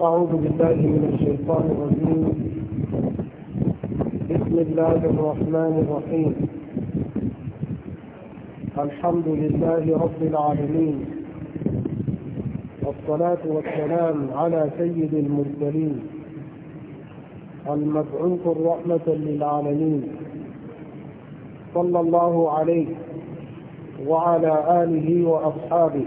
أعوذ بالله من الشيطان الرجيم بسم الله الرحمن الرحيم الحمد لله رب العالمين والصلاة والسلام على سيد المرسلين المبعوث رحمة للعالمين صلى الله عليه وعلى آله وأصحابه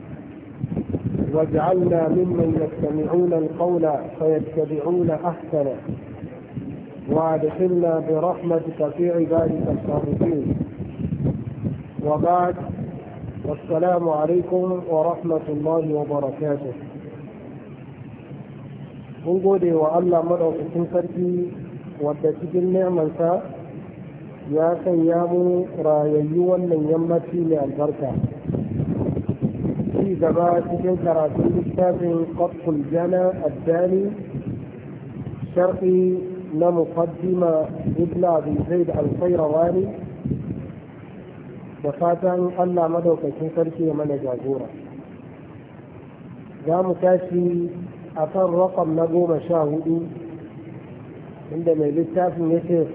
واجعلنا ممن يستمعون القول فيتبعون احسنه وادخلنا برحمتك في عبادك الصالحين وبعد والسلام عليكم ورحمة الله وبركاته mun gode wa Allah maɗaukakin sarki wadda cikin nemansa ya sanya mu rayayyu wannan yammaci mai albarka ذبائح الجراثيم الشافع قطف الجنى الثاني شرقي لمقدم ابن ابي زيد القيرواني وفاتن ان مدوك شنكركي من جاجوره جام كاشي اثر رقم نبو مشاهد عندما ما يلتاف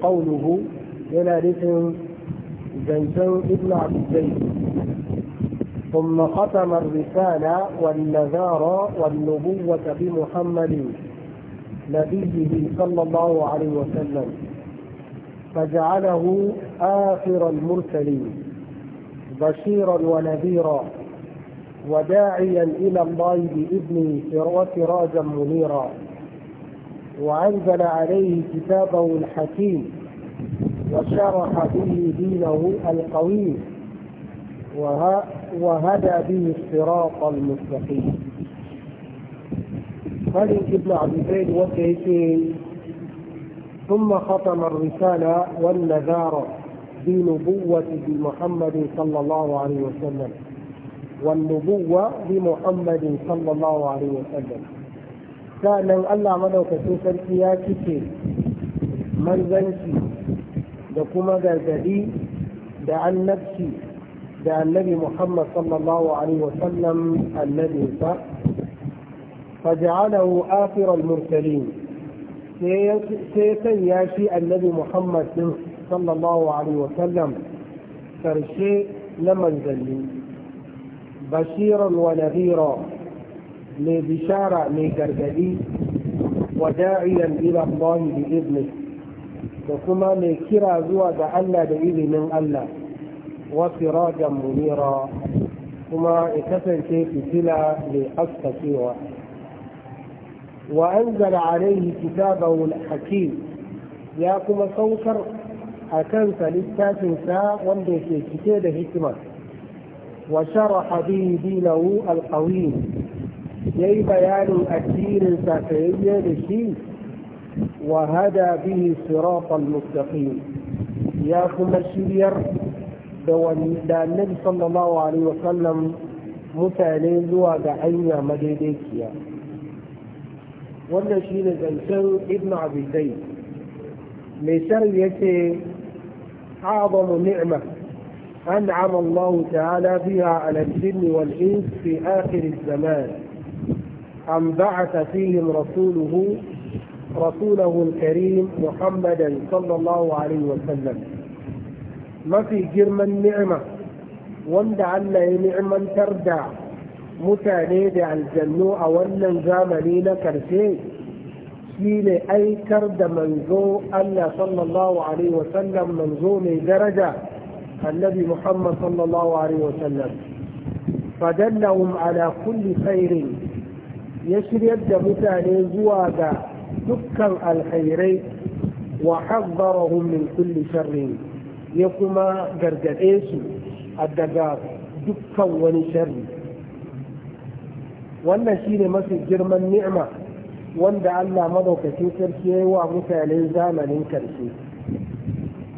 قوله الى رسم زنزان ابن ابي زيد ثم ختم الرسالة والنذار والنبوة بمحمد نبيه صلى الله عليه وسلم فجعله آخر المرسلين بشيرا ونذيرا وداعيا إلى الله بإذنه وسراجا منيرا وأنزل عليه كتابه الحكيم وشرح به دينه القويم وها وهدى به الصراط المستقيم هذه ابن عبد الزيد والزيتين ثم ختم الرسالة والنذارة بنبوة محمد صلى الله عليه وسلم والنبوة بمحمد صلى الله عليه وسلم كان الله مدوكتين sarki ya من manzanci da ذا gargadi da نفسي da annabi Muhammad sallallahu alaihi wasallam annabinsa faja'alahu akhiral mursalin sai ya shi annabi Muhammad din sallallahu alaihi wasallam karshe na manzanni bashiran wa nadhira mai bishara mai gargadi wa da'iyan ila Allah bi idni da kuma mai kira zuwa ga Allah da izinin Allah وسراجا منيرا كما كسنتي في سلا سوى وأنزل عليه كتابه الحكيم يا كما سوكر أكنت للتاسنسا وانده في كتابة حكمة وشرح به دينه القويم يي بيان أكثير سافعية لشيء وهدى به صراط المستقيم يا كما الشبير da annabi sallallahu alaihi wasallam mutane zuwa ga hanya madaidaiciya wannan shi ne zancen ibn abidai mai sharri ya ce أعظم نعمة أنعم الله تعالى بها على الجن والإنس في آخر الزمان أن بعث فيهم rasuluhu رسوله الكريم محمدا صلى الله عليه وسلم mafi girman ni'ima wanda Allah ya ni'imantar da mutane da aljannu a wannan zamani na karshe shi ne aikar da manzo Allah sallallahu alaihi wasallam manzo mai daraja annabi Muhammad sallallahu alaihi wasallam fadallahum ala kulli khairin ya shiryar da mutane zuwa ga dukkan alkhairai wa hazzarahum min kulli sharrin ya kuma gargaɗe su a daga dukkan wani sharri wannan shi ne mafi girman ni'ima wanda Allah madaukakin sarki ya yi wa mutane zamanin karshe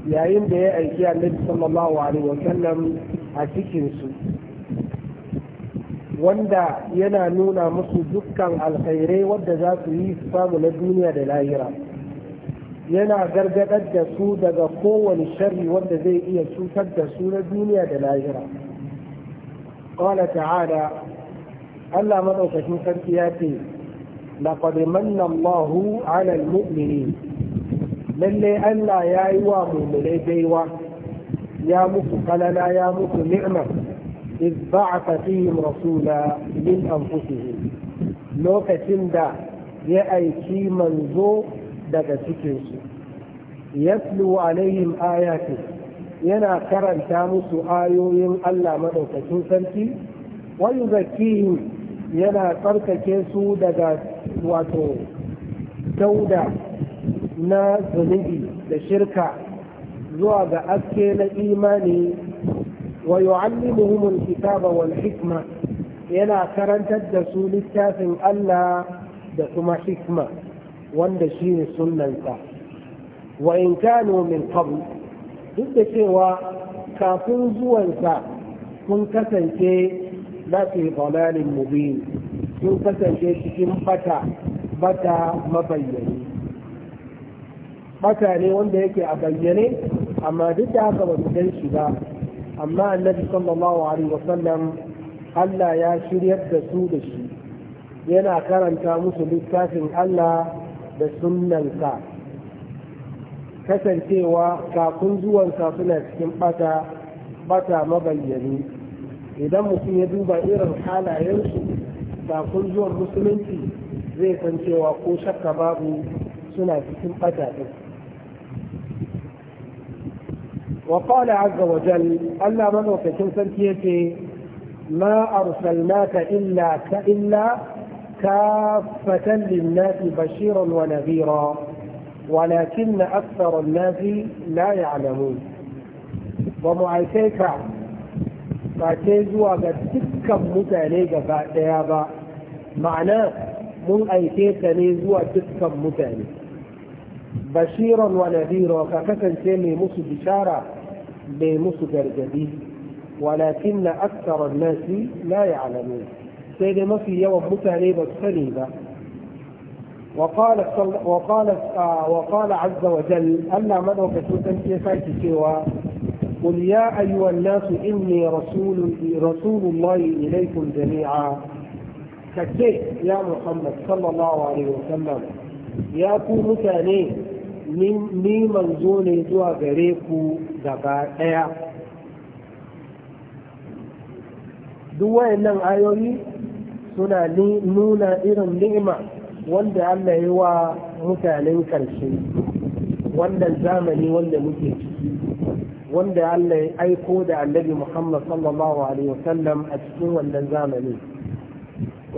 yayin da ya aiki annabi sallallahu alaihi sallam a cikinsu wanda yana nuna musu dukkan alkhairai wadda za su yi samu na duniya da lahira. yana gargadar da su daga kowane sharri wanda zai iya cutar da su na duniya da lahira qala ta'ala Allah madaukakin sarki ya ce laqad manna Allahu 'ala al lalle Allah ya yi wa mu'minai baiwa ya muku kalala ya muku ni'ma إذ بعث فيهم رسولا من أنفسهم لوكة دا يأيكي منزو daga cikinsu yatlu alaihim ayati yana karanta musu ayoyin Allah madaukakin sarki Wani yuzakkihim yana tsarkake su daga wato dauda na zunubi da shirka zuwa ga aske na imani wa yu'allimuhum alkitaba wal hikma yana karantar da su littafin Allah da kuma hikma wanda shi ne sunansa wa in kano min qabl duk da cewa kafin zuwansa sun kasance na fi dalalin mubin sun kasance cikin bata bata mabayyani bata ne wanda yake a bayyane amma duk da haka ba su gan shi ba amma annabi sallallahu alaihi wasallam Allah ya shiryar da su da shi yana karanta musu littafin Allah da sunnanka kasancewa kafin zuwansa suna cikin bata bata mabayyani idan mutum ya duba irin halayensu kafin zuwan musulunci zai san cewa ko shakka babu suna cikin bata din وقال عز وجل ألا من وكتن سنتيتي ما illa إلا illa. كافة للناس بشيرا ونذيرا ولكن أكثر الناس لا يعلمون ومعيتيك فاتيزوا قد سكا متانيك فاتيابا معناه من أيتيك نيزوا سكا متانيك بشيرا ونذيرا فكثن سيمي مصد بشارة بمصدر جديد ولكن أكثر الناس لا يعلمون sai dai mafi yawan mutane ba su sani ba وقال وقال وقال عز وجل ألا مدعو كتوتا في فاتي سوى قل يا أيها الناس إني رسول رسول الله إليكم جميعا كتير يا محمد صلى الله عليه وسلم يا كونوا تاني ni manzo ne zuwa gare ku gaba ɗaya duk wayannan ayoyi suna nuna irin ni'ima wanda Allah ya wa mutanen karshe wannan zamani wanda muke ciki wanda Allah ya aiko da annabi Muhammad sallallahu alaihi wasallam a cikin wannan zamani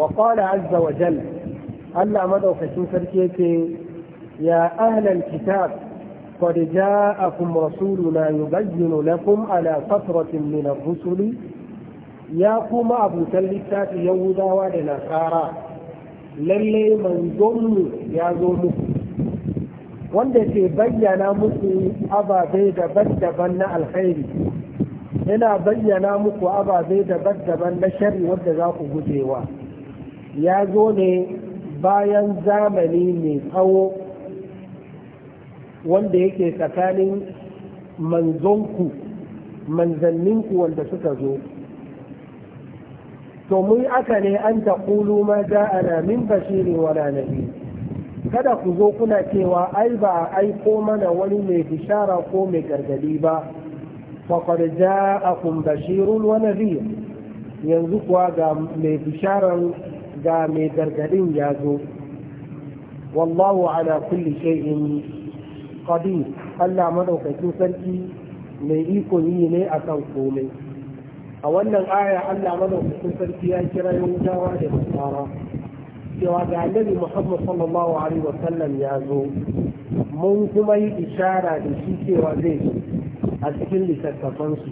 wa qala azza wa jalla Allah madaukakin sarki yake ya ahlal kitab قد جاءكم رسولنا يبين لكم على فترة من rusuli ya kuma abutan littafi yahudawa da nasara lalle manzonmu ya zo muku wanda ke bayyana muku ababe daban-daban na alkhairi yana bayyana muku ababe daban-daban na shari wadda za ku gujewa ya zo ne bayan zamani mai tsawo wanda yake tsakanin manzonku manzanninku wanda suka zo to mun aka ne an ta kulu ma ja'ana min bashirin wala nabi kada ku zo kuna cewa ai ba a aiko mana wani mai bishara ko mai gargadi ba faqad ja'akum bashirun wa nadhir yanzu kuwa ga mai bisharan ga mai gargadin ya zo wallahu ala kulli shay'in qadir Allah madaukakin sarki mai iko yi ne akan komai a wannan aya Allah madaukakin sarki ya kira yahudawa da nasara cewa ga annabi Muhammad sallallahu alaihi wa sallam ya zo mun kuma yi ishara da shi cewa zai zo a cikin littattafansu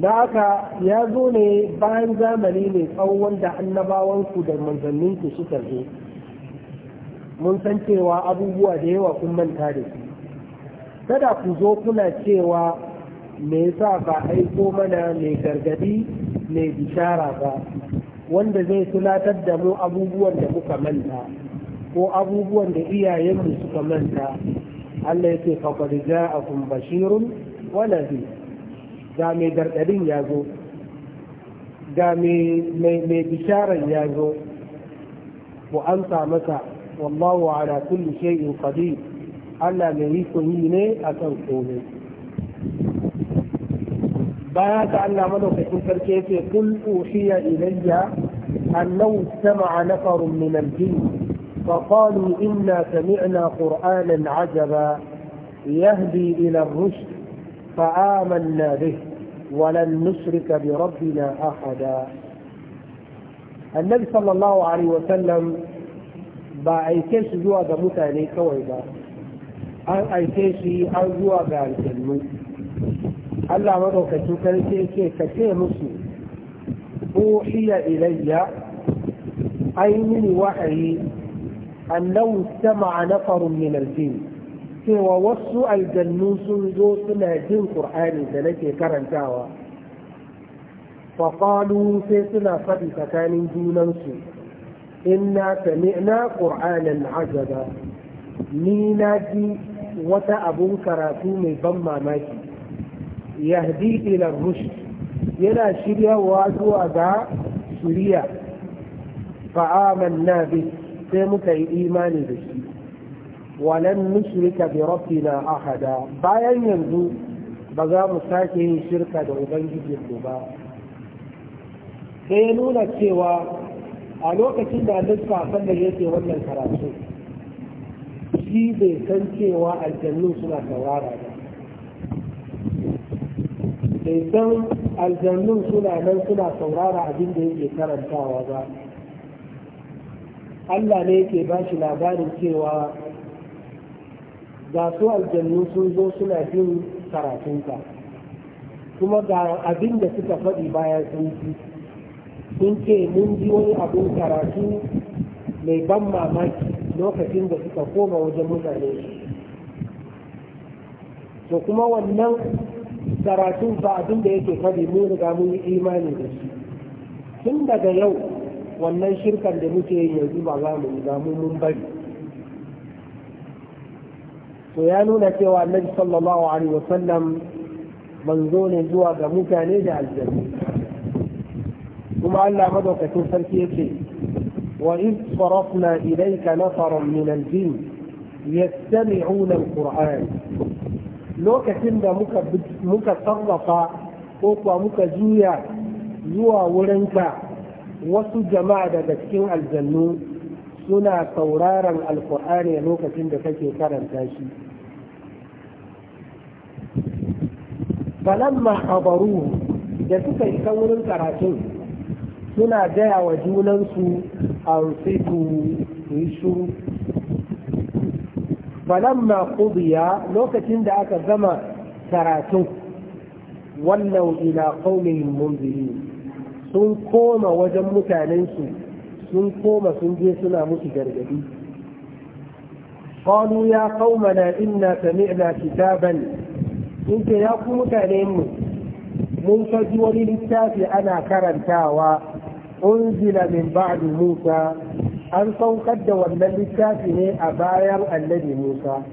da haka ya zo ne bayan zamani mai tsawon da annabawanku da manzanninku suka zo mun san cewa abubuwa da yawa kun manta da su kada ku zo kuna cewa me yasa ka aiko mana mai gargadi mai bishara ba wanda zai tunatar da mu abubuwan da muka manta ko abubuwan da iyayenmu suka manta Allah yake faqad ja'akum bashirun wala nadhir ga mai gargadin ya zo ga mai bisharar ya zo ku amsa masa wallahu ala kulli shay'in qadir Allah mai yi ne akan komai بايا تعالى منو في كيف قل أوحي إلي أنه سمع نفر من الجن فقالوا إنا سمعنا قرآنا عجبا يهدي إلى الرشد فآمنا به ولن نشرك بربنا أحدا النبي صلى الله عليه وسلم ba aike shi zuwa ga mutane أي ba أو aike Allah madaukaki sarki ke ka ce musu uhiya ilayya ay min wahyi annahu sama'a nafarun min al cewa wasu aljannu sun zo suna jin ƙur'ani da nake karantawa fa sai suna faɗi tsakanin junansu inna sami'na qur'anan ni na ji wata abun karatu mai ban mamaki yahdi ila rushd yana shiryawa zuwa ga shiriya fa'amanna bi sai muka yi imani da shi walan nushrika bi rabbina ahada bayan yanzu ba za mu sake yin shirka da ubangijinmu ba sai ya nuna cewa a lokacin da lissafen da yake wannan karatu shi bai san cewa aljannu suna tawara ba bai san aljannun suna nan suna saurara abin da yake karantawa ba Allah ne yake ba shi labarin cewa ga su aljannu sun zo suna jin karatunka kuma ga abin da suka faɗi bayan sun sun ce mun ji wani abin karatu mai ban mamaki lokacin da suka koma wajen mutane to kuma wannan karatun ba abin da yake fadi mu riga mun yi imani da shi tun daga yau wannan shirkan da muke yi yanzu ba za mu riga mu mun bari to ya nuna cewa annabi sallallahu alaihi wasallam manzo ne zuwa ga mutane da aljanna kuma Allah madaukakin sarki yake wa in sarafna ilayka nafaran min al-jinn yastami'una al-qur'an lokacin da muka sarrafa ko kuwa muka juya zuwa wurinka wasu jama'a daga cikin aljannu suna sauraron alkur'ani lokacin da kake karanta shi falamma habaru da suka isa wurin karatun suna gaya wa junansu a rufe su yi فلما قضي lokacin da aka gama karatu wallau ila qaumihim munzirin sun koma wajen mutanensu sun koma sun je suna musu gargadi قالوا يا قومنا إنا سمعنا كتابا إنت يا قوم mun faji wani littafi ana karantawa unzila min ba'di Musa an saukar da wannan littafi ne a bayan annabi Musa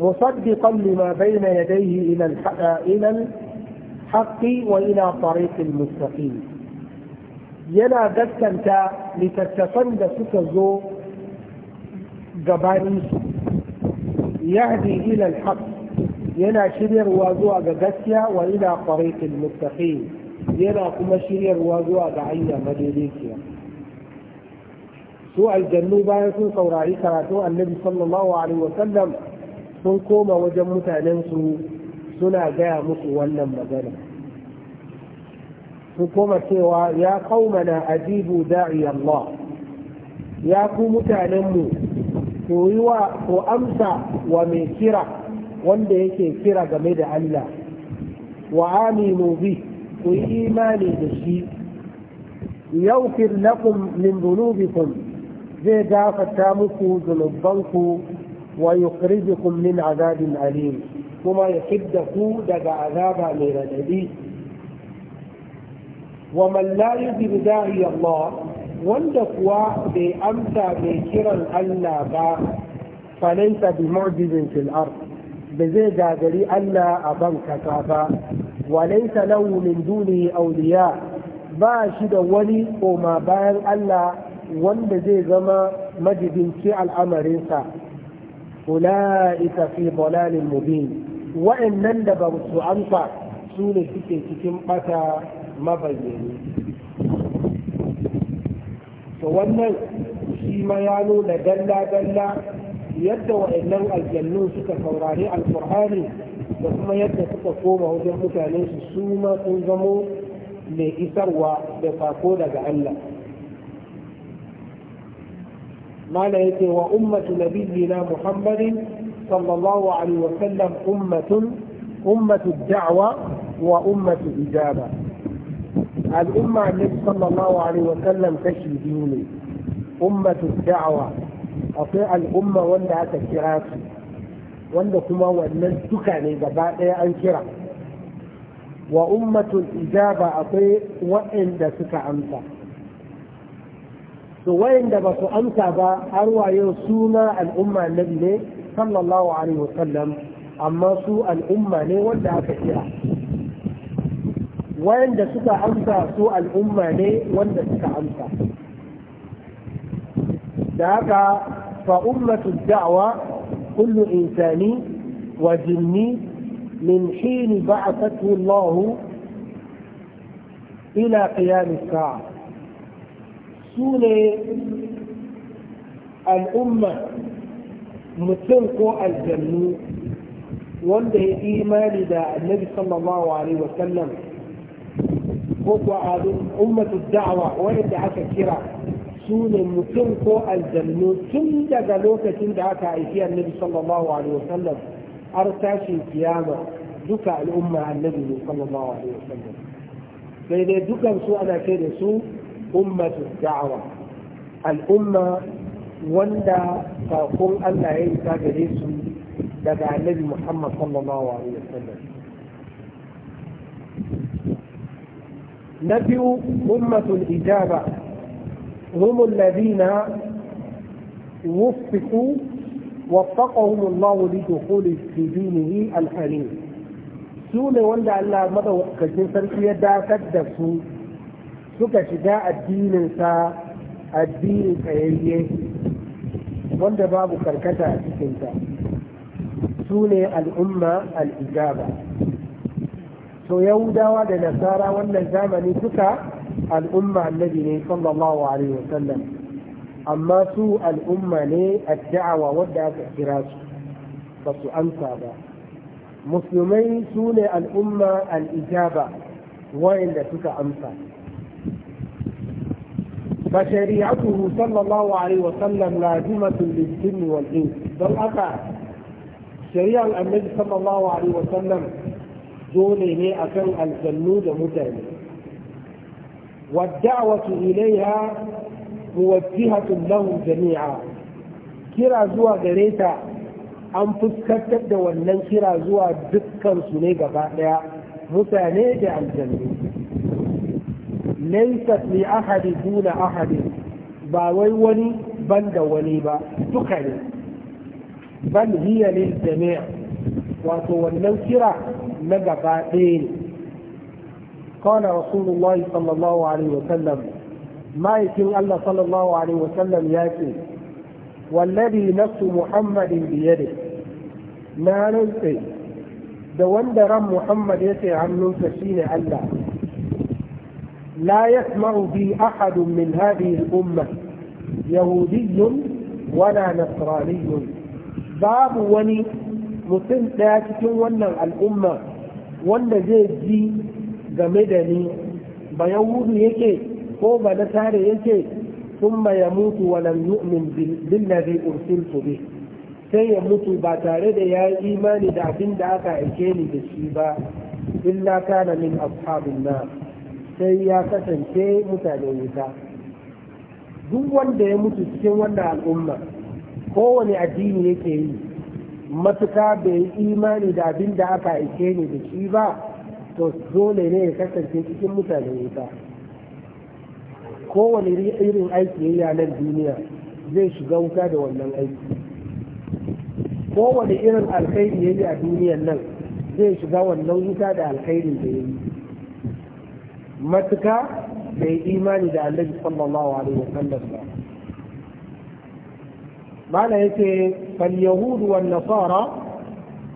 musaddiqan lima bayna yadayhi ila ila الحق وإلى طريق المستقيم yana gaskanta littattafan da suka zo gabanin su yahdi ila alhaq yana shiryarwa zuwa ga gaskiya wa ila tariqil muttaqin yana kuma shiryarwa zuwa ga hanya madaidaiciya su aljannu bayan sun saurari karatu annabi sallallahu alaihi wasallam sun koma wajen mutanensu suna gaya musu wannan magana sun koma cewa ya kaumana ajibu da'i Allah ya ku mutanenmu ku amsa wa mai kira wanda yake kira game da Allah wa aminu bi ku yi imani da shi yaufir lakum min dhunubikum زيدا فتامكوا ذنوبك ويخرجكم من عذاب أليم وما يحبك دقى عذابا من الذي ومن لا يجب داعي الله واندقوا بأمسى بكرا ألا با فليس بمعجز في الأرض بزيدا جري ألا أبنك كافا وليس له من دونه أولياء باشد ولي وما بان ألا wanda zai zama majibinci al'amarinsa ula'ika fi dalalin mubin wa'annan da ba su amsa su ne suke cikin ɓata mabayyani to wannan shi ma ya nuna dalla-dalla yadda wa'annan aljannu suka saurari alkur'ani da kuma yadda suka koma wajen mutane su su ma sun zamo mai isarwa da sako daga Allah. ما لا يتي وأمة نبينا محمد صلى الله عليه وسلم أمة أمة الدعوة وأمة الإجابة الأمة التي صلى الله عليه وسلم تشي ديني أمة الدعوة أطيع الأمة ولا تكراسي ولا كما هو إيه ان تكاني أنكرة وأمة الإجابة أطيع وان تكا انت to wayanda ba su amsa ba har wayo suna al'umma annabi ne sallallahu alaihi wasallam amma su al'umma ne wanda aka kira wayanda suka amsa su al'umma ne wanda suka amsa da haka fa ummatu da'wa kullu insani wa jinni min hin ba'athahu Allah ila qiyam as-sa'a su ne al'umma mutum ko aljannu wanda ya imani da annabi sallallahu alaihi wasallam ko kuwa ummatu da'awa wanda aka kira su ne mutum ko aljannu tun daga lokacin da aka haifi annabi sallallahu alaihi wasallam har tashin kiyama duka al'umma annabi sallallahu alaihi wasallam sai dai dukansu ana kai da su أمة الدعوة الأمة ا تقول د هي و ة ا النبي محمد صلى الله عليه وسلم نبي أمة الإجابة هم الذين وفقوا وفقهم الله لدخول في دينه الحليم سوء لوندى ان لا وقت ك ث ي ر suka shiga addininsa addinin tsayayye wanda babu karkata a cikinta su ne al'umma al'ijaba to yahudawa da nasara wannan zamani suka al'umma annabi ne sallallahu alaihi wasallam amma su al'umma ne addawa wadda aka kira su ba su amsa ba musulmai su ne al'umma al'ijaba wayanda suka amsa فشريعته صلى الله عليه وسلم لازمة للجن والإنس بل أتى شريعة النبي صلى الله عليه وسلم دوني هي أكل الجنود متعني والدعوة إليها موجهة لهم جميعا كرا زوا غريتا an fuskantar da wannan kira zuwa dukkan su ne gaba daya mutane da aljannu laysat li ahadi duna ahadi ba wai wani da wani ba duka ne ban hiya lil jami' wato wannan kira na gaba ɗaya ne قال رسول الله صلى الله عليه وسلم ما يكن الله صلى الله عليه وسلم ياتي والذي نفس محمد بيده ما da wanda ran Muhammad ya ce hannunsa shine Allah لا يسمع بي أحد من هذه الأمة يهودي ولا نصراني باب وني mutum ɗaya cikin wannan al'umma wanda zai ji game da ni ba yahudu yake ko ba nasare yake sun ya mutu walam yu'min billazi ursiltu bi sai ya mutu ba tare da ya yi imani da abin da aka aike ni da shi ba illa kana min ashabin na? sai ya kasance mutane wuta duk wanda ya mutu cikin wannan al'umma kowane addini yake yi matuka bai yi imani da abin da aka aike ni da shi ba to dole ne ya kasance cikin mutane wuta kowane irin aiki ya a nan duniya zai shiga wuta da wannan aiki kowane irin alkhairi ya yi a duniyan nan zai shiga wannan wuta da alkhairi da ya yi matuka bai imani da annabi sallallahu alaihi wasallam ba mana yace fal yahudu wan nasara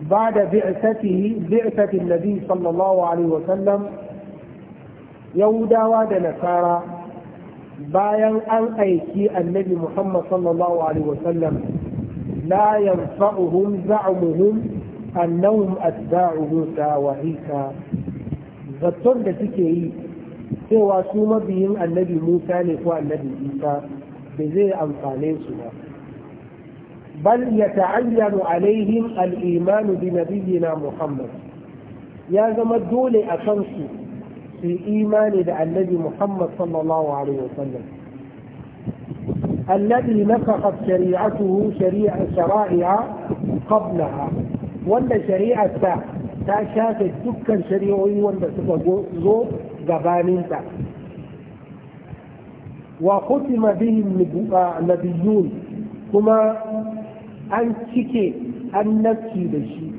ba'da bi'satihi bi'sati annabi sallallahu alaihi wasallam yahudawa da nasara bayan an aiki annabi muhammad sallallahu alaihi wasallam la yanfa'uhum za'muhum annahum atba'uhu ta wa isa zaton da suke yi cewa su mabiyin annabi musa ne ko annabi isa da zai amfane su ba bal ya ta'ayyanu alaihim al-iman bi nabiyyina muhammad ya zama dole a kansu su su imani da annabi muhammad sallallahu alaihi wasallam الذي نفخت شريعته شريعة شرائع قبلها ولا شريعة تا شافت دكا شريعي ولا تبقى gabaninta wa kutima bihim nabiyun kuma an cike annabci da shi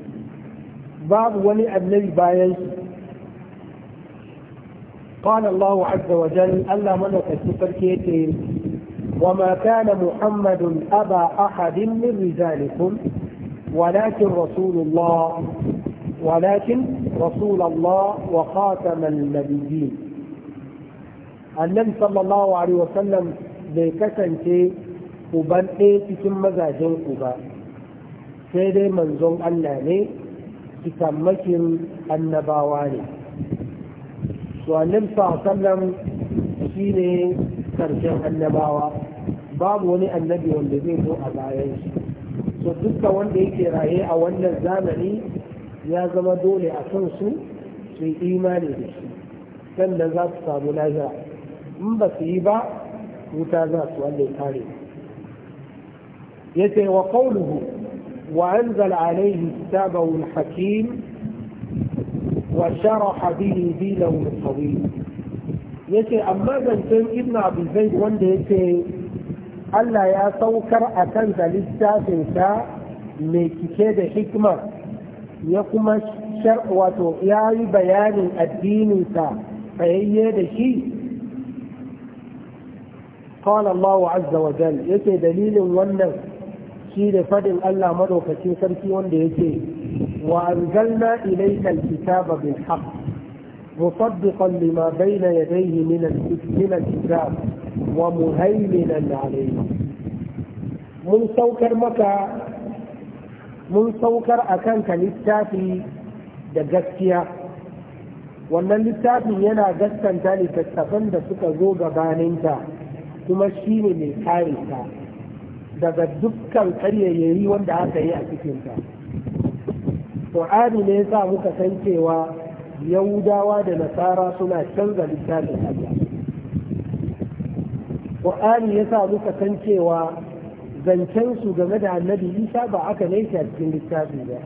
babu wani annabi bayan shi قال الله عز وجل ألا من تسفركيتين وما كان محمد أبا أحد من رجالكم ولكن رسول الله ولكن رسول الله وخاتم النبيين annabi sallallahu alaihi wasallam bai kasance uban ɗaya cikin mazajen ku ba sai dai manzon Allah ne cikammakin annabawa ne Su annabi sallallahu shi ne karshen annabawa babu wani annabi wanda zai zo a bayan shi so wanda yake raye a wannan zamani ya zama dole a kan su su yi imani da shi sannan za su samu lahira in ba su yi ba wuta za su wanda kare ya ce wa qawluhu wa anzala alayhi kitabahu al-hakim wa sharaha bihi dinahu al-qawim yace amma zancen ibnu abi zaid wanda yace Allah ya saukar a kan littafinsa mai cike da hikima ya kuma wato ya yi bayanin addininsa tsayayye da shi قال الله عز وجل yake dalilin wannan shi da fadin Allah madaukakin sarki wanda yake wa anzalna ilayka alkitaba bil haqq musaddiqan lima bayna yadayhi min al wa muhaiminan alayhi mun saukar maka mun saukar a kanka littafi da gaskiya wannan littafin yana gaskanta littattafan da suka zo gabaninta kuma shi ne mai kare daga dukkan karyayyari wanda aka yi a cikinta adi ne ya sa muka san yahudawa da nasara suna canza littafin Allah ƙwa'ani ya sa muka san cewa zancen su game da annabi isa ba aka naita cikin littafi ba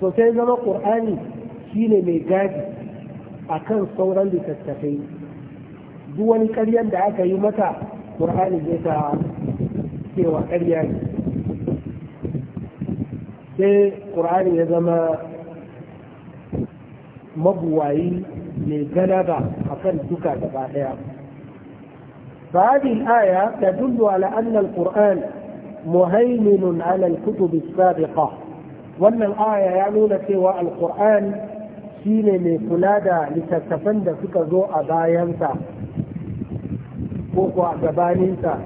Sosai sai zama ƙur'ani shine mai gadi a kan sauran littattafai duk wani karyar da aka yi mata ƙur'ani zai ta cewa ƙarya ne sai ƙur'ani ya zama mabuwayi mai galaba a kan duka gaba ɗaya فهذه الآية تدل على أن القرآن مهيمن على الكتب السابقة وأن الآية يعني سوى القرآن شين لتستفند لتتفند ذو أباينتا فوق أباينتا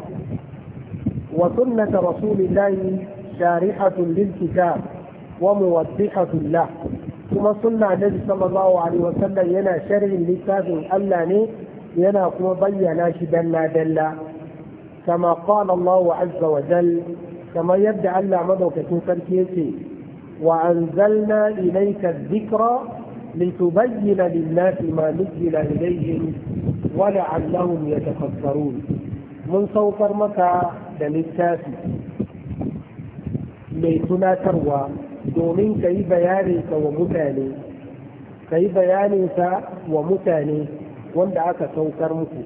وسنة رسول الله شارحة للكتاب وموضحة له ثم سنة النبي صلى الله عليه وسلم ينا شرع لكتاب ألا yana kuma bayyana shi dalla dalla kama qala Allah azza wa jal kama yadda Allah madaukakin sarki yake wa anzalna ilayka dhikra litubayyana lin-nasi ma nuzila ilayhim wa la'allahum yatafakkarun mun saukar maka da littafi mai tunatarwa domin ka yi bayaninsa wa mutane ka yi bayaninsa wa mutane wanda aka saukar muku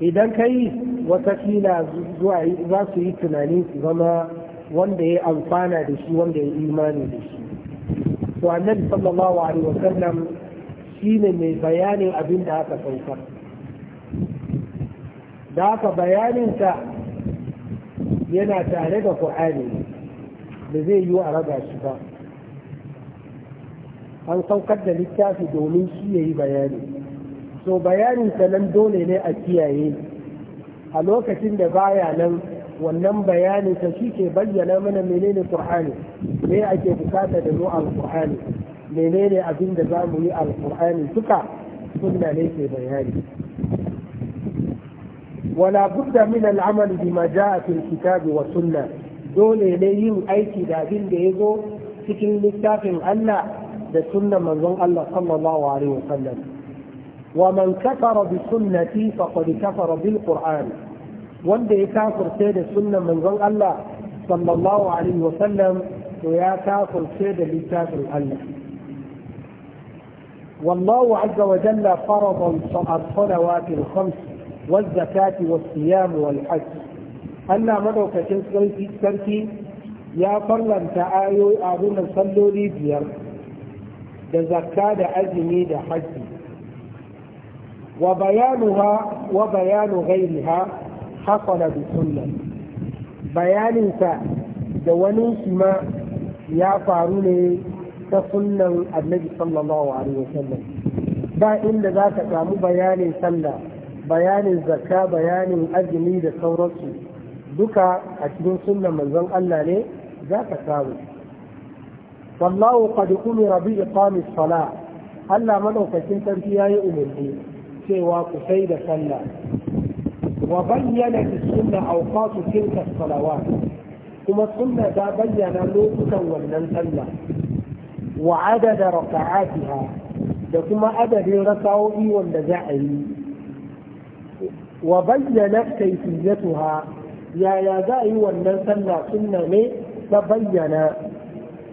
idan ka yi watakila zuwa za su yi tunanin su zama wanda ya amfana da shi wanda ya imani da shi to annabi sallallahu alaihi wasallam shine mai bayanin abin da aka saukar da aka bayaninsa yana tare da ƙur'ani da zai yi a raga shi ba an saukar da littafi domin shi ya yi bayani so bayanin nan dole ne a kiyaye a lokacin da baya nan wannan bayanin sa shi ke bayyana mana menene qur'ani me ake bukata da mu alqur'ani menene abin da za mu yi alqur'ani duka sunna ne ke bayani wala budda min al'amal bima jaa fil kitabi wa sunna dole ne yin aiki da abin da zo cikin littafin Allah da sunnan manzon Allah sallallahu alaihi wa sallam wa man kafara bi sunnati faqad kafara bil qur'an wanda ya kafirce da sunnan manzon Allah sallallahu alaihi wa sallam to ya kafirce da littafin Allah والله عز وجل فرض الصلوات الخمس والزكاة والصيام والحج أن مدعو كتن سركي يا فرلن تآيو أعظم صلوا لي بيار da zakka da azumi da haji wa ha wa bayanu ghairiha haqala bi sunnah bayaninsa da wani shi ma ya faru ne ta sunnan annabi sallallahu alaihi sallam ba inda za ka samu bayanin sallah bayanin zakka bayanin azumi da sauransu duka a cikin sunan manzon Allah ne za ka samu والله قد أمر بإقام الصلاة ألا من أفتن تنفيها يؤمن سوى قسيد صلى وبين في السنة أوقات تلك الصلوات ثم السنة دا بين لوكتا ولن صلى وعدد ركعاتها ثم عدد ركعوه والنزعي وبينت كيفيتها يا يا ذا ولن سنة ليه تبين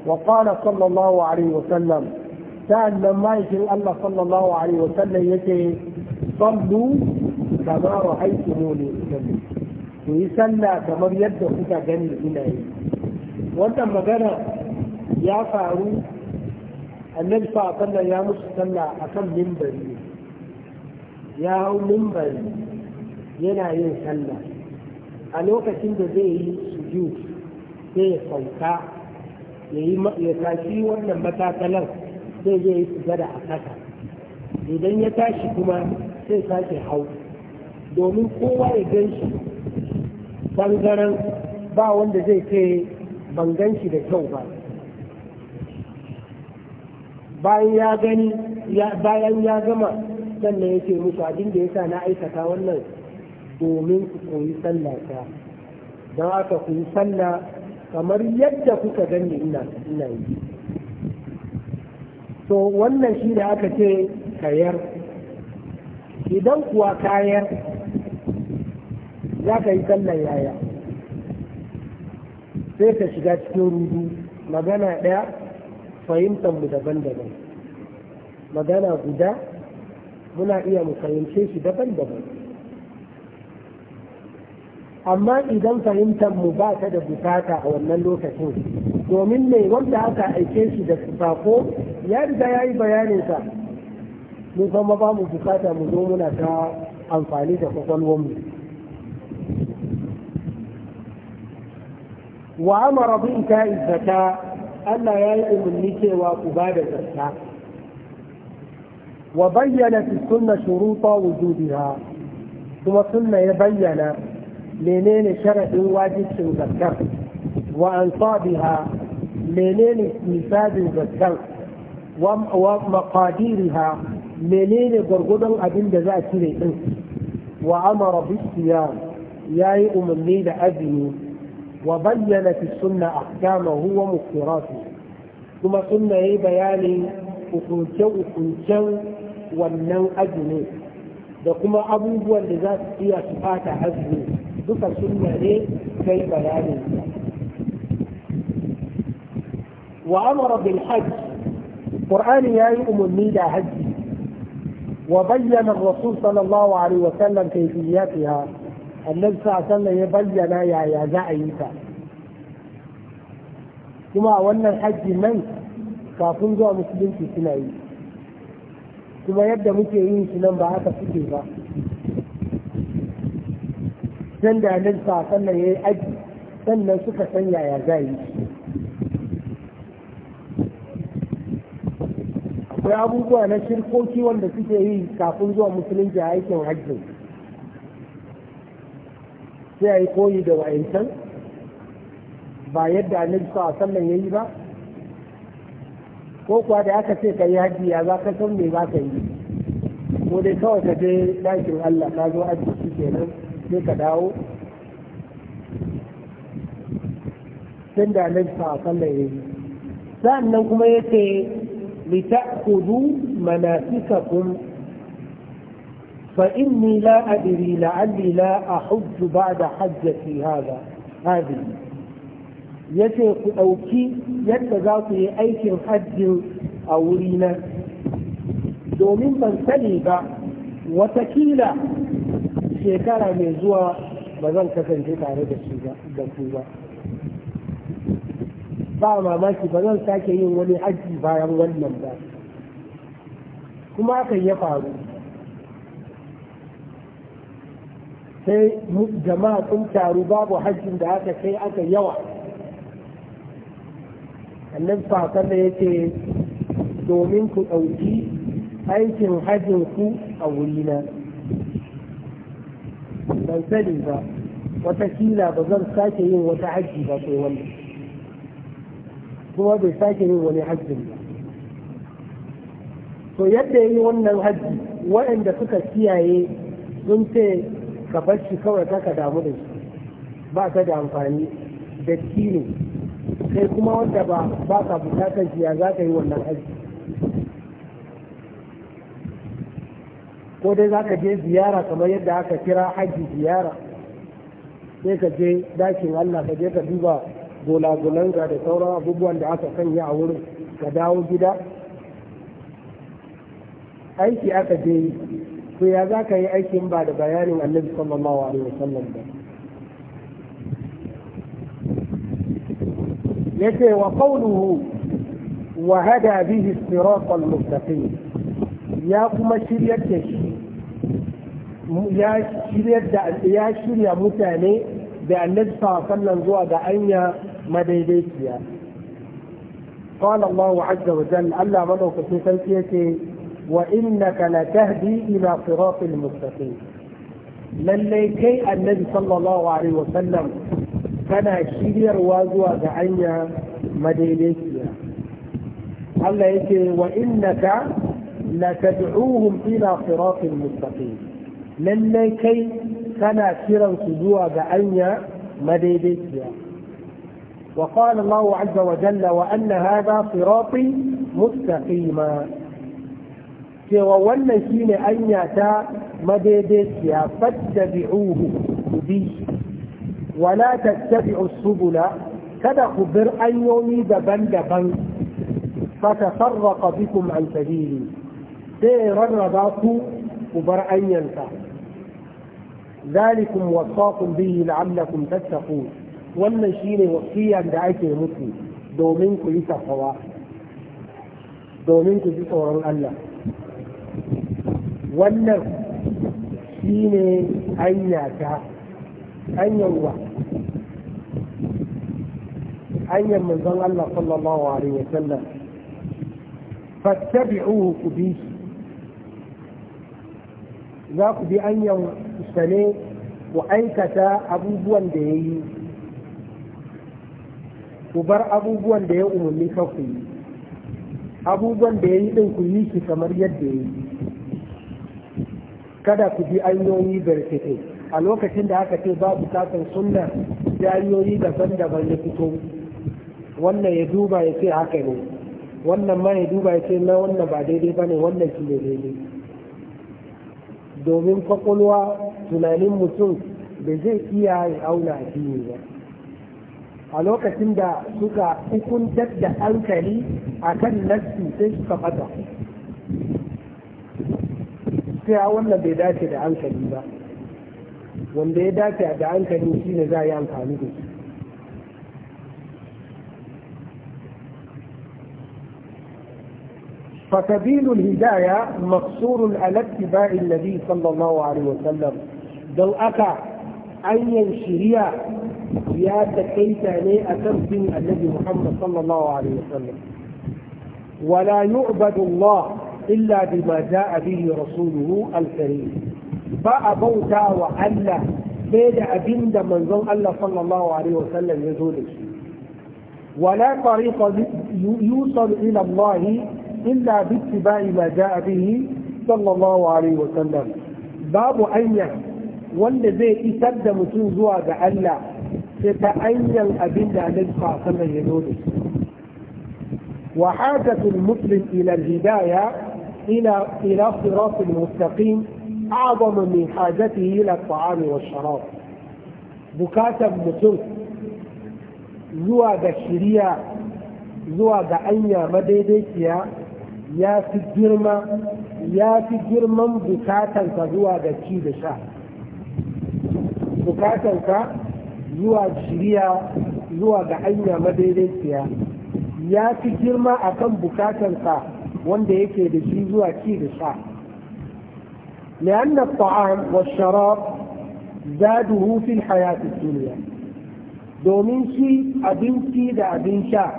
وقال صلى الله عليه وسلم كان لما يجي الله صلى الله عليه وسلم يجل صلوا كما رأيتموني أسلم ويسلى كما يده كتا جنة إلهي وانتما قال يا فارو النبي صلى الله عليه وسلم يا مسلم أكل من بني يا من بني ينا ينسلى ألوك سند زيه سجود زيه صوتا ya tashi wannan matakalar zai zai yi sujada a kasa idan ya tashi kuma sai sake hau domin kowa ya gan shi bangaren ba wanda zai ce ban ganshi shi da kyau ba bayan ya gani bayan ya gama sannan ya ce musu abin da ya sa na aikata wannan domin ku koyi sallah ta don aka ku yi sallah kamar yadda kuka gani ina ina yi to wannan shi da aka ce kayar idan kuwa kayar za ka yi sallar yaya sai ka shiga cikin rudu magana ɗaya fahimtar mu daban-daban magana guda muna iya mu fahimce shi daban-daban amma idan fahimtar mu ba ta da bukata a wannan lokacin domin mai wanda aka aike shi da sako ya riga ya yi bayaninsa mu kuma ba mu bukata mu zo muna ta amfani da kwakwalwarmu wa amara bi ta izata Allah ya yi umarni cewa ku ba da zakka wa bayyana fi sunna shuruta wujudiha kuma sunna ya bayyana menene sharaɗin wajibcin zakkar wa an sabiha menene misalin zakkar wa maqadiriha menene gwargwadon abin da za a cire din wa amara bisiya ya yi umarni da azumi wa bayyana fi sunna ahkamahu wa muktiratu kuma sunna yayi bayani hukunce hukuncen wannan azumi da kuma abubuwan da za su iya su fata azumi ذكر سنة ليه كيف يعني وأمر بالحج قرآن يا أم الميدة حج وبين الرسول صلى الله عليه وسلم كيفياتها النبي صلى الله عليه وسلم يبين يا يا زعيفة كما أولنا الحج من كافون ذو مسلم في سنة كما يبدأ مسلم في سنة بعثة في nan da annabi ya yi aji sannan suka san yaya za yi akwai abubuwa na shirkoki wanda suke yi kafin zuwa musulunci a aikin hajji sai a yi koyi da wa'ancan ba yadda annabi sannan ya yi ba ko kuwa da aka ce ka yi hajji ya za ka san me za ka yi ko dai kawai ka je ɗakin Allah ka zo aji shi kenan sai ka dawo sun da nan a sallar yayi nan kuma yace li ta'khudhu manasikakum fa inni la adri la'alli la da ba'da haza hadha Ya ce ku ɗauki yadda za ku yi aikin hajjin a wuri na domin ban sani ba watakila shekara mai zuwa ba zan kasance tare da ku ba ba mamaki ba zan sake yin wani haji bayan wannan ba kuma hakan ya faru sai jama'a sun taru babu hajjin da aka kai aka yawa annan fasar da yake domin ku ɗauki aikin hajjin ku a wurina. ban sani ba wata kila ba zan sake yin wata hajji ba sai wannan kuma bai sake yin wani hajji ba to yadda ya yi wannan hajji waɗanda suka kiyaye sun ce ka bar kawai kaka damu da shi ba ka da amfani da ne sai kuma wanda ba ba ka bukatar shi ya za ka yi wannan hajji ko dai za ka je ziyara kamar yadda aka kira haji ziyara sai ka je dakin Allah ka je ka duba gulagulan da sauran abubuwan da aka sanya a wurin ka dawo gida aiki aka je yi to ya za ka yi aikin ba da bayanin annabi sallallahu alaihi wasallam ba yace wa qawluhu wa hada bihi siratal mustaqim ya kuma shiryar da shi ya shirya mutane da annabi sallallahu zuwa ga anya madaidaiciya قال الله عز وجل ألا ملوك في تلكيته وإنك لتهدي إلى صراط المستقيم لليكي النبي صلى الله عليه وسلم كان شير وزوى دعيا مدينيكيا الله يكي وإنك لتدعوهم إلى صراط المستقيم lallai kai kana kiran su zuwa ga anya madaidaiciya wa qala Allah azza wa jalla wa anna hadha sirati mustaqima cewa wannan shine anya ta madaidaiciya fattabi'uhu bi wa la tattabi'u subula kada ku bir anyoyi daban-daban fatafarraqa bikum an sabili sai rarraba ku ku bar anyansa ذلكم وصاكم به لعلكم تتقون wannan shine wasiya da ake muku domin ku yi takawa domin ku ji tsoron Allah wannan shine hanya ta hanyar wa hanyar manzon Allah sallallahu alaihi wa sallam. fattabi'uhu ku bi shi za ku bi anyan sa ne ku aikata abubuwan da ya yi ku bar abubuwan da ya umarni ka ku yi abubuwan da ya yi ɗin ku yi shi kamar yadda ya yi kada ku bi anyoyi berkete a lokacin da aka ce babu katon sunna da hanyoyi daban-daban ya fito wannan ya duba ya ce haka ne wannan ma ya duba ya ce na wannan ba daidai ba ne wannan shi ne daidai domin kwakwalwa tunanin mutum da zai iya ya auna addini ba a lokacin da suka hukuntar da hankali a kan nassi sai suka fata sai a wannan bai dace da hankali ba wanda ya dace da hankali shi ne za a yi amfani da shi فسبيل الهداية مقصور على اتباع النبي صلى الله عليه وسلم لو أتى أن ينشريا يا تكيت عليه أتمثل النبي محمد صلى الله عليه وسلم ولا يعبد الله إلا بما جاء به رسوله الكريم فأبوتا وألا بيد أبين ذو الله صلى الله عليه وسلم يزول ولا طريق يوصل إلى الله إلا باتباع ما جاء به صلى الله عليه وسلم باب أنيا wanda zai isar da mutum zuwa ga Allah sai ta hanyar abin da Annabi sallallahu ya zo da shi wa hadathul muslim ila al-hidayah ila ila sirat al-mustaqim a'zam min hajatihi ila at-ta'am wa sharab bukatan mutum zuwa ga shiriya zuwa ga anya madaidaiciya ya fi girma ya fi girman bukatanka zuwa ga ci da sha bukatanka zuwa shirya zuwa ga hanya madaidaiciya ya fi girma akan bukatanka wanda yake da shi zuwa ci da sha لأن الطعام والشراب زاده في الحياة الدنيا domin shi abinci da abin sha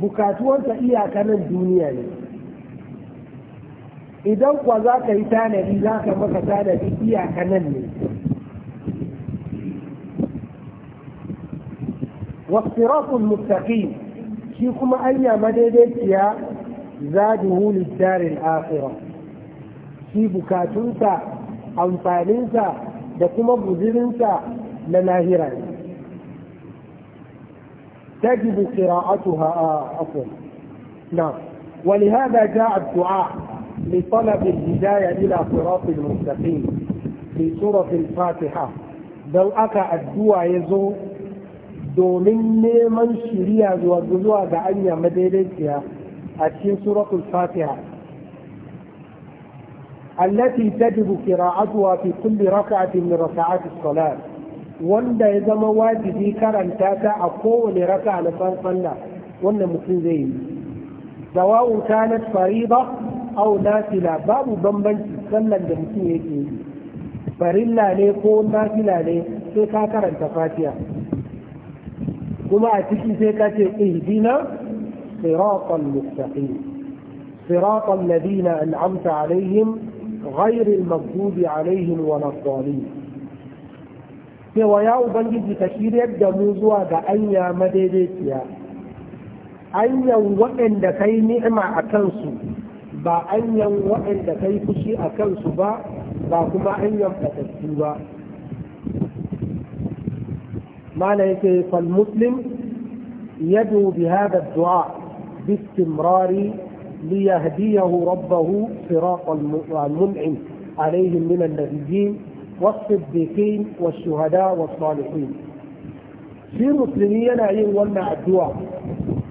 bukatuwanka iyaka nan duniya ne idan kuwa za ka yi tanadi za ka maka tanadi iyaka nan ne wasirafin mutaki shi kuma anya madaidaiciya za da hulun jarin akira shi bukatunsa amfaninsa da kuma guzirinsa na lahira ne تجب قراءتها آه، عفوا نعم ولهذا جاء الدعاء لطلب الهداية إلى صراط المستقيم في سورة الفاتحة بل أتى الدعاء يزو domin من شريا zuwa بأن ga anya سورة الفاتحة التي تجب قراءتها في كل ركعة من ركعات الصلاة wanda ya zama wajibi karanta ta a kowane raka na sallah wannan mutum zai yi sawa'un kanat fariba aw nafila babu bambanci sallan da mutum yake yi farilla ne ko nafila ne sai ka karanta fatiha kuma a ciki sai ka ce ihdina siratal mustaqim siratal ladina an'amta alaihim غير maghdubi alaihim wa الضالين cewa ya ubangiji ka shiryar da mu zuwa ga anya madaidaiciya anyan waɗanda ka yi ni'ima a kansu ba anyan waɗanda ka yi fushi a kansu ba ba kuma anyan fatattu ba mana yake fal muslim معنى يكي فالمسلم يدعو بهذا الدعاء باستمرار rabbahu ربه صراط المنعم عليهم من النبيين والصديقين والشهداء والصالحين shi musulmi yana yin wannan addu'a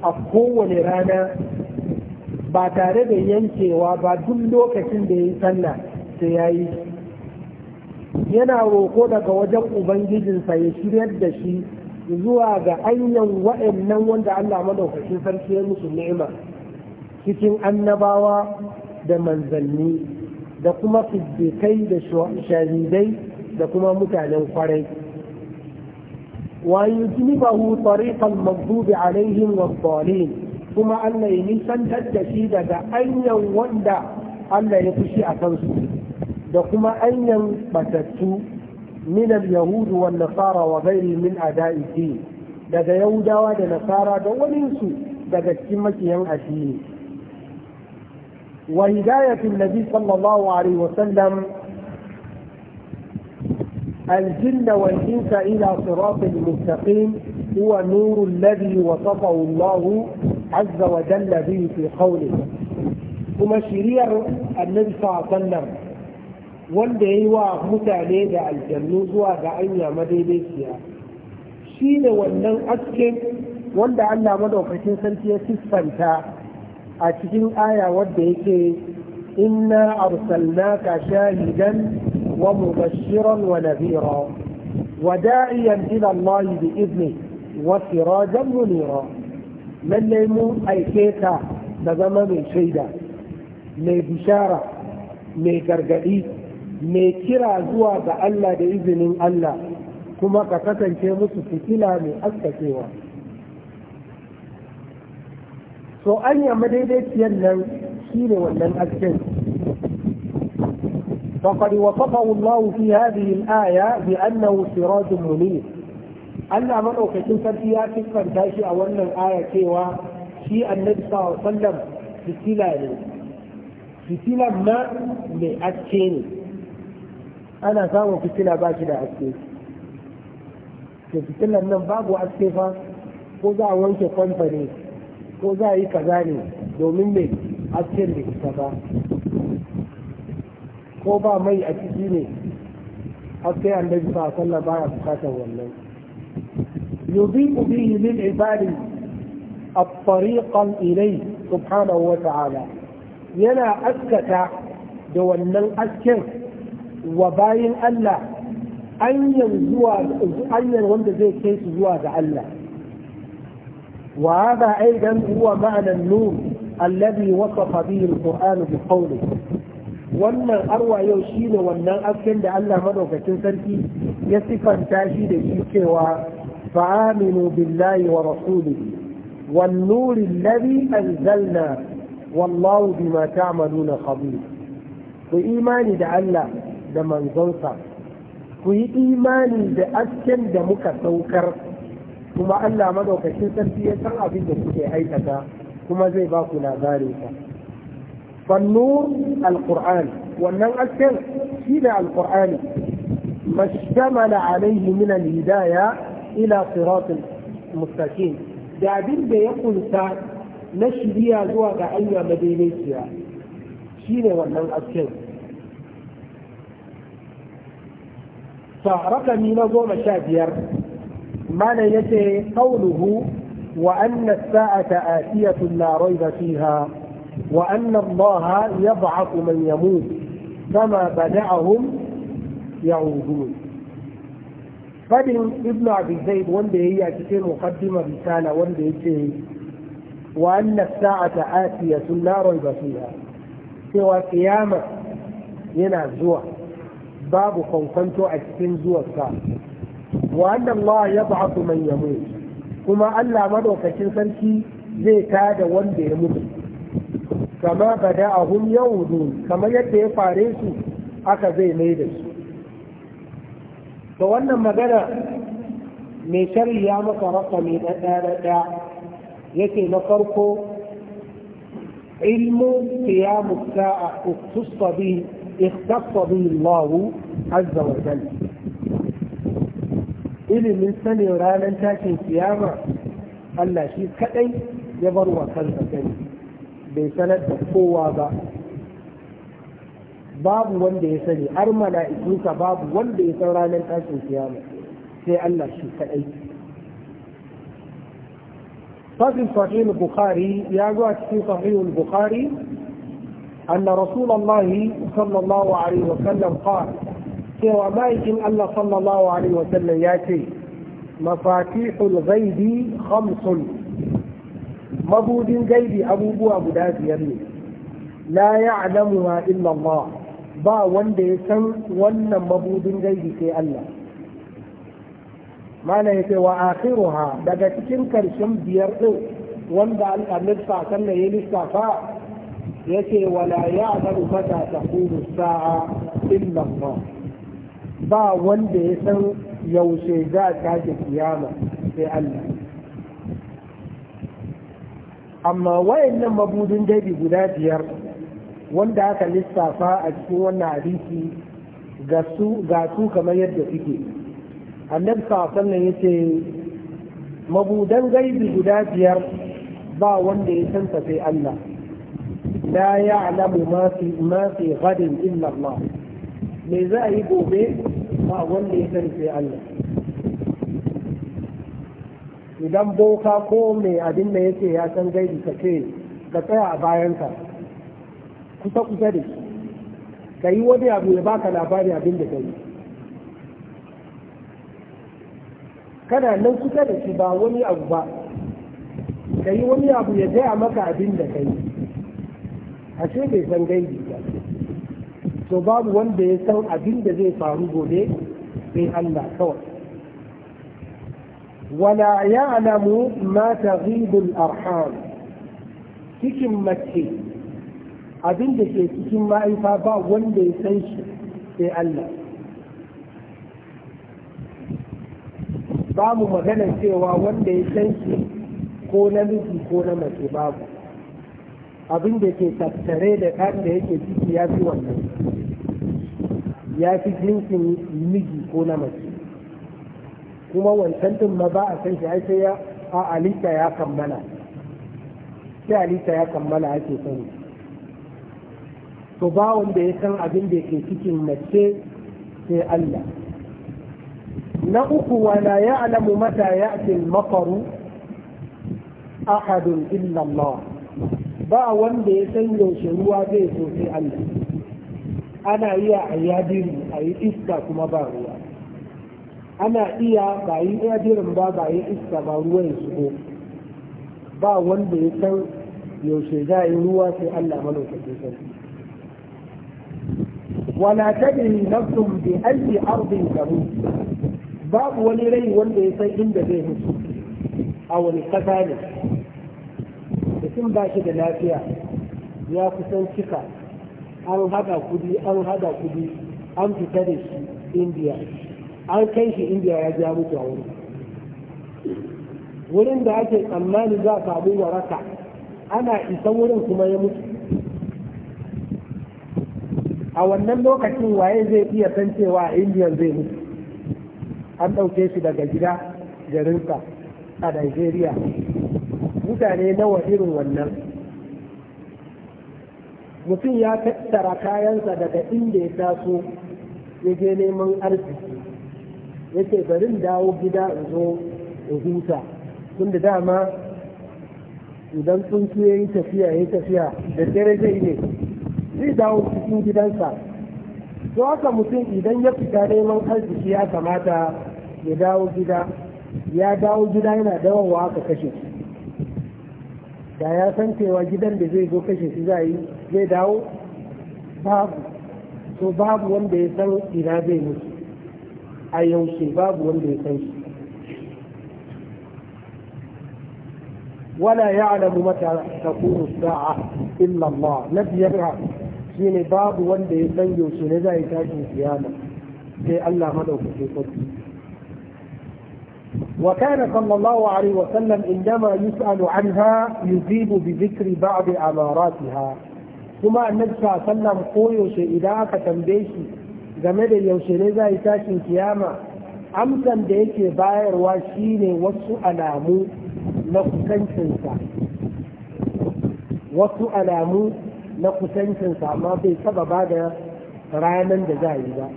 a kowane rana ba tare da yankewa ba duk lokacin da ya yi sallah sai ya yi yana roko daga wajen ubangijinsa ya shiryar da shi zuwa ga anyan wa'annan wanda Allah madaukakin sarki ya musu ni'ima cikin annabawa da manzanni da kuma fiddikai da shahidai da kuma mutanen kwarai ba yujnibahu tariqal maghdubi alaihim wad-dallin kuma Allah ya nisantar da shi daga anyan wanda Allah ya fushi a kansu da kuma anyan batattu min Yahudu wa nasara wa ghairi min ada'i daga yahudawa da nasara da wani su daga cikin makiyan addini وهداية النبي صلى الله عليه وسلم الجن والإنس إلى صراط المستقيم هو نور الذي وصفه الله عز وجل به في قوله كما شريع النبي صلى الله عليه وسلم wanda هو yi wa mutane da aljannu zuwa ga anya madaidai siya shi ne wannan aske a cikin aya wadda yake inna arsalnaka shahidan wa mubashiran wa nadhira wa da'iyan ila Allah bi idni wa sirajan munira lalle mu aike ka da zama mai shaida mai bishara mai gargadi mai kira zuwa ga Allah da izinin Allah kuma ka kasance musu fitila mai askacewa. so an yi nan shine wannan aksin kwakwari wa kwakwa wallahu fi hadi yin aya bi an na wuce rajin muni an na maɗaukacin sarki ya fi kanta shi a wannan aya cewa shi an na bisa sallar fitila ne fitila na mai aske ana samun fitila ba shi da aske ke fitila nan babu aske fa, ko za a wanke kwamfani ko za a yi kaza ne domin mai hasken da ita ba ko ba mai a ciki ne hasken annabi ba Sallar ba ya bukatar wannan yubi bihi lil ibadi الطريقا إليه سبحانه وتعالى ينا أسكت دون الأسكر وباين الله anyan wanda zai kai su zuwa زوى Allah. وهذا أيضا هو معنى النون الذي وصف به القرآن بقوله wannan arwa yau shi ne wannan asken da Allah madaukakin sarki ya sifanta shi da shi cewa fa'aminu billahi wa rasulihi wan nuri alladhi anzalna wallahu bima ta'maluna khabir ku imani da Allah da manzonsa ku yi imani da asken da muka saukar kuma Allah madaukakin sarki ya san abin da kuke aikata kuma zai ba ku labarin sa fannur alquran wannan asken shi da alquran mashtamala alaihi min alhidaya ila siratul mustaqim da abin da ya kunsa na shiriya zuwa ga hanya madaidaiciya shine wannan asken sa rakami na goma sha biyar malam yace qawluhu wa anna as-sa'ata atiyatun la rayba fiha wa anna Allah yab'athu man yamut kama bada'ahum ya'udun fadin ibnu abi zaid wanda yayi a cikin muqaddima risala wanda yace wa anna as-sa'ata atiyatun la rayba fiha cewa kiyama yana zuwa babu kwankwanto a cikin zuwarsa wa anna ya ba'athu man yamut kuma Allah madaukakin sarki zai tada wanda ya mutu kama bada'ahum yawdun kamar yadda ya fare su aka zai mai da su to wannan maganar mai sharri ya maka rakami na ɗaya yake na farko علم قيام الساعة اختص به اختص به ilimin sani ranar tashin kiyama Allah shi kadai ya bar wa kansa sani bai sanar da kowa ba babu wanda ya sani har mala'ikunsa babu wanda ya san ranar tashin kiyama sai Allah shi kadai ففي صحيح البخاري يروى في صحيح البخاري أن رسول الله صلى الله عليه وسلم قال cewa ma'aikin Allah sallallahu alaihi wasallam ya ce mafatihul ghaibi khamsun mabudin gaibi abubuwa guda biyar ne la ma illa Allah ba wanda ya san wannan mabudin gaibi sai Allah mana ya ce wa akhiruha daga cikin karshen biyar din wanda annabi sa alaihi ya lissafa yace wala ya'lamu mata taqumu as-sa'a illa Allah ba wanda ya san yaushe za a tashi kiyama sai Allah amma wayannan mabudin dabi guda biyar wanda aka lissafa a cikin wannan hadisi ga su kamar yadda suke annabi safan nan yace mabudan gaibi guda biyar ba wanda ya san sai Allah la ya'lamu ma fi ma fi ghadin illa Allah me za a yi gobe ba wanda ya sani sai Allah idan boka ko mai abin da yake ya san gaibi ka ce ka tsaya a bayanka kusa kusa da shi ka yi wani abu ya baka labari abin da ka yi kana nan kusa da shi ba wani abu ba ka yi wani abu ya gaya maka abin da ka yi ashe bai san gaibi to babu wanda ya san abin da zai faru gobe sai Allah kawai wala ya'lamu ma al arham cikin mace abin da ke cikin ma'aifa ba wanda ya san shi sai Allah babu magana cewa wanda ya san shi ko na miji ko na mace babu abin da ke tattare da ɗan da yake ciki ya fi wannan ya fi jinsin miji ko na mace kuma wancan din ma ba a san shi ai sai ya a alita ya kammala sai alita ya kammala ake sani to ba wanda ya san abin da ke cikin mace sai Allah na uku wala ya'lamu mata ya'ti al-maqaru ahadun illa Allah ba wanda ya san yaushe ruwa zai so sai Allah ana iya a yadiri a yi iska kuma ba ruwa ana iya ba yi yadirin ba ba yi iska ba ruwa ya shigo ba wanda ya san yaushe za a yi ruwa sai Allah ke sarki wala tadri nafsun bi aiki ardin garu babu wani rai wanda ya san inda zai mutu a wani kasa ne mutum ba shi da lafiya ya kusan cika an haɗa kudi an haɗa kudi an fita da shi indiya an kai shi indiya ya ja mutu a wurin wurin da ake tsammani za a samu waraka ana isa wurin kuma ya mutu a wannan lokacin waye zai iya san cewa a indiyan zai mutu an ɗauke shi daga gida garinsa a nigeria mutane nawa irin wannan mutum ya tattara kayansa daga inda ya taso ya je neman arziki ya ce barin dawo gida in zo in huta tun da dama idan tsuntsu ya yi tafiya ya yi tafiya da dare zai ne zai dawo cikin gidansa to haka mutum idan ya fita neman arziki ya kamata ya dawo gida ya dawo gida yana dawowa aka kashe shi da ya san cewa gidan da zai zo kashe shi za yi zai dawo babu to babu wanda ya san ina zai mutu a yaushe babu wanda ya san shi wala ya alamu mata ta kuru sa'a na biyar shi ne babu wanda ya san yaushe ne za a yi tashin siyama sai Allah maɗaukake sarki وكان صلى الله عليه وسلم عندما يسأل عنها يجيب بذكر بعض أماراتها kuma annabi sallam ko yaushe idan aka tambaye shi game da yaushe ne za a yi tashin kiyama amsan da yake bayarwa shine wasu alamu na kusancinsa wasu alamu na kusancinsa amma bai taba ba da ranan da za a yi ba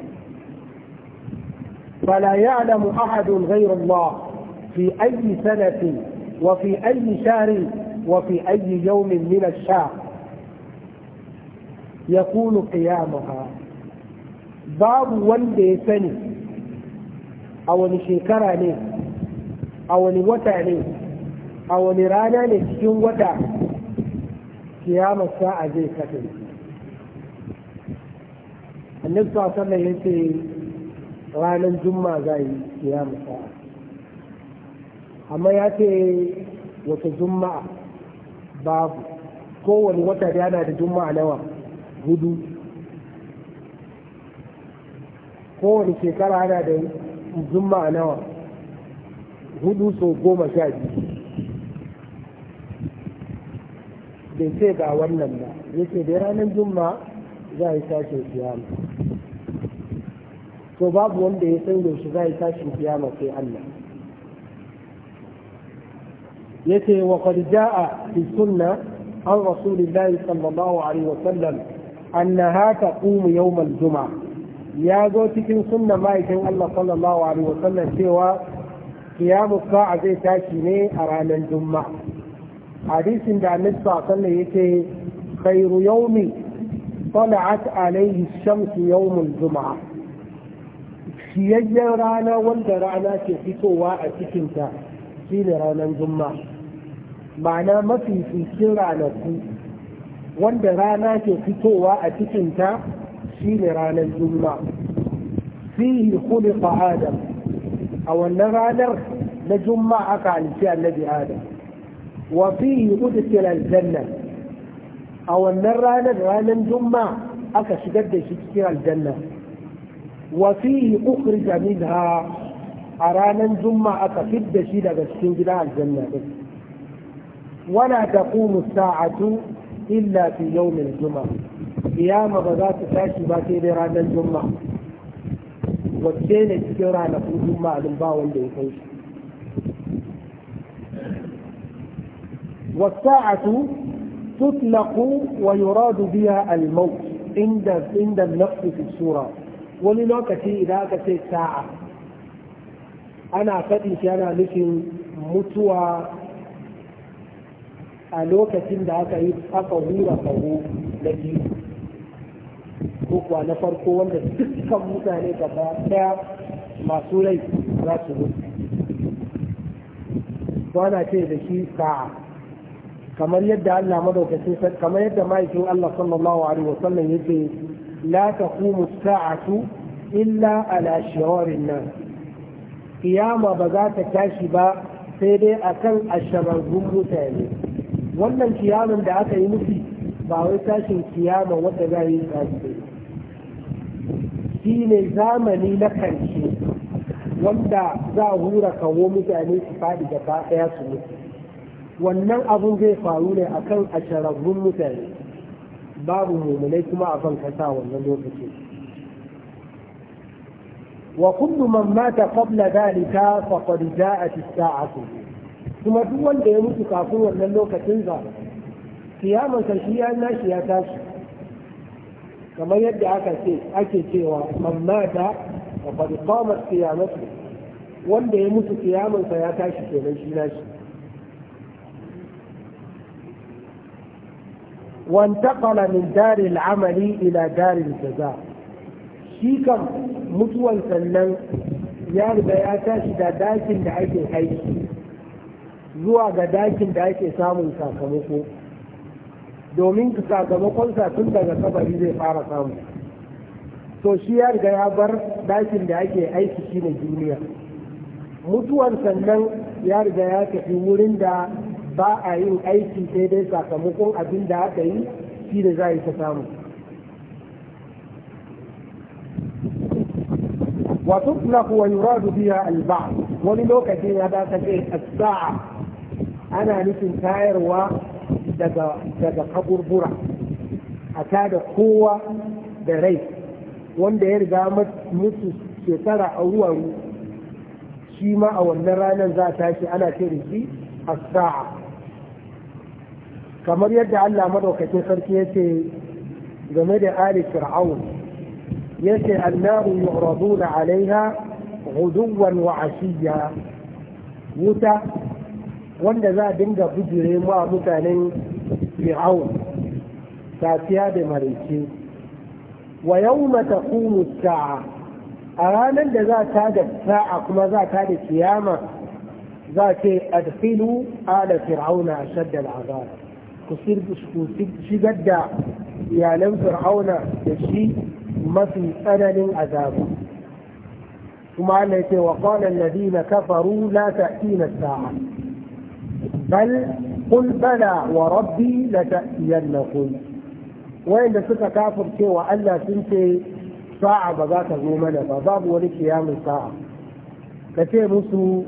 فلا يعلم أحد غير الله في أي سنة وفي أي شهر وفي أي يوم من الشهر ya kunu qiyamaha babu wanda ya sani a wani shekara ne a wani wata ne a wani rana ne cikin wata kiyamar sa'a zai kasance annabi sa sallan ya ce ranar juma za yi kiyama sa'a amma ya ce wata juma'a babu kowane wata da yana da juma'a nawa hudu kowane shekara ana da zumma nawa hudu sau goma sha biyu bai ce ga wannan ba ce da ranar jumma za a yi sashen kiyama to babu wanda ya san yaushe za a yi sashen kiyama sai Allah ce wa qad a fi sunna an rasulillahi sallallahu alaihi wa annaha taqumu yawmal juma'a ya zo cikin sunna ma'aikin Allah sallallahu alaihi wasallam cewa kiyamu zai tashi ne a ranar juma'a hadisin da annabi sallallahu alaihi yake khairu yawmi طلعت عليه الشمس يوم الجمعة siyayyen rana wanda rana ke fitowa a cikinta shi ne ranar juma'a ma'ana mafi fikin ranaku wanda rana ke fitowa a cikinta shi ne ranar juma fihi khuliqa adam a wannan ranar na juma aka halici annabi adam wa fihi udkhila aljanna a wannan ranar ranar juma aka shigar da shi cikin aljanna wa fihi ukhrija minha a ranar juma aka fidda shi daga cikin gidan aljanna din wala taqumu sa'atu إلا في يوم الجمعة قيام بذات تاشي باتي بيران الجمعة على كل في الجمعة لنباول ليكيش والساعة تطلق ويراد بها الموت عند عند النفس في السورة في إذا كانت ساعة أنا فدي أنا لكن متوى a lokacin da aka yi aka hura kawo na biyu ko kuwa na farko wanda dukkan mutane gaba daya masu rai za su zo to ana ce da shi sa'a kamar yadda Allah madaukakin kamar yadda ma'aikin Allah sallallahu alaihi wasallam yake la taqumu sa'atu illa ala shawarin nan kiyama ba za ta tashi ba sai dai akan ashararrun mutane wannan kiyaman da aka yi nufi ba wai tashin kiyama wanda za yi ba shi ne zamani na karshe wanda za a hura kawo mutane su faɗi da ɗaya su mutu wannan abun zai faru ne akan ashararrun mutane babu mummunai kuma a kan kasa wannan lokaci wa kullu man mata qabla dhalika faqad ja'at as-sa'atu kuma duk wanda ya mutu kafin wannan lokacin za kiyaman shi ya nashi ya tashi kamar yadda aka ce ake cewa amma da a faɗi kamar kiyamatu wanda ya mutu sa ya tashi kenan shi nashi وانتقل من دار العمل إلى دار الجزاء شيكم متوى سنن يا رب يا tashi da داكن da عيش الحيش zuwa ga dakin da ake samun sakamako domin sakamakon tun daga kabari zai fara samu to shi ya riga ya bar dakin da ake aiki shi ne duniya mutuwar sannan ya riga ya tafi wurin da ba a yin aiki sai dai sakamakon abin da aka yi shi da za a yi ta samu وتطلق ويراد بها البعض وللوكة هذا تكيه الساعة ana nufin tayarwa daga kaburbura a tada kowa da rai wanda ya riga mutu shekara a shi ma a wannan ranar za a tashi ana ce da shi a sa'a kamar yadda Allah madaukakin sarki ya ce game da ali fir'aun ya ce annahu yu'raduna alaiha guduwan wa ashiya wuta wanda za a dinga bijire ma mutanen fir'aun safiya da maraice wa yau mata sa'a a ranar da za ta da sa'a kuma za ta da kiyama za ce adfilu ala fir'auna a shaddal azab ku shigar da iyalan fir'auna da shi mafi tsananin azaba kuma Allah ya ce wa qala alladhina kafaru la ta'tina sa'a bal kun bala wa rabbi lata'tiyannakum wayanda suka kafirce wa Allah sun ce sa'a ba za ta zo mana ba babu wani kiyamin sa'a ka ce musu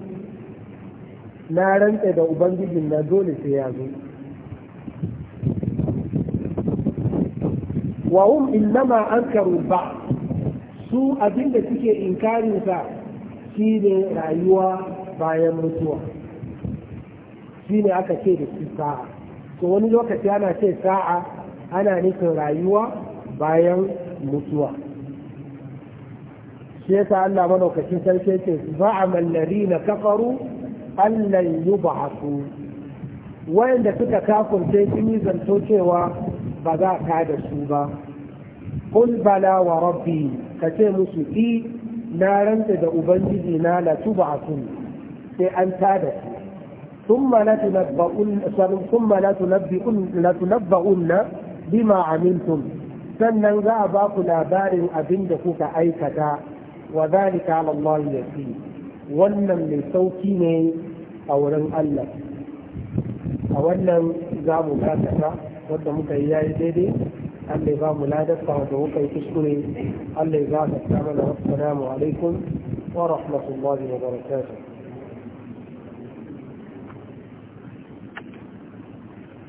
na rantse da ubangijin na dole sai ya zo wa hum innama ankaru ba su abinda suke inkarinsa shi shine rayuwa bayan mutuwa shi ne aka ce da shi sa'a to wani lokaci ana ce sa'a ana nufin rayuwa bayan mutuwa shi yasa Allah madaukakin sarki ce mallari na kafaru a su wayanda suka sai sun yi zanto cewa ba za ta da su ba kun bala wa rabbi kace musu i na ranta da ubangiji na la sun, sai an da su ثم لتنبؤن ثم لتنبؤن لتنبؤن بما عملتم sannan za a ba ku labarin abin da kuka aikata wa zalika ala Allah yasi wannan mai sauki ne a wurin Allah a wannan za mu dakata wanda muka yi yayi daidai Allah ba mu ladarsa wanda muka yi kuskure Allah ya gafarta mana assalamu alaikum wa rahmatullahi wa barakatuh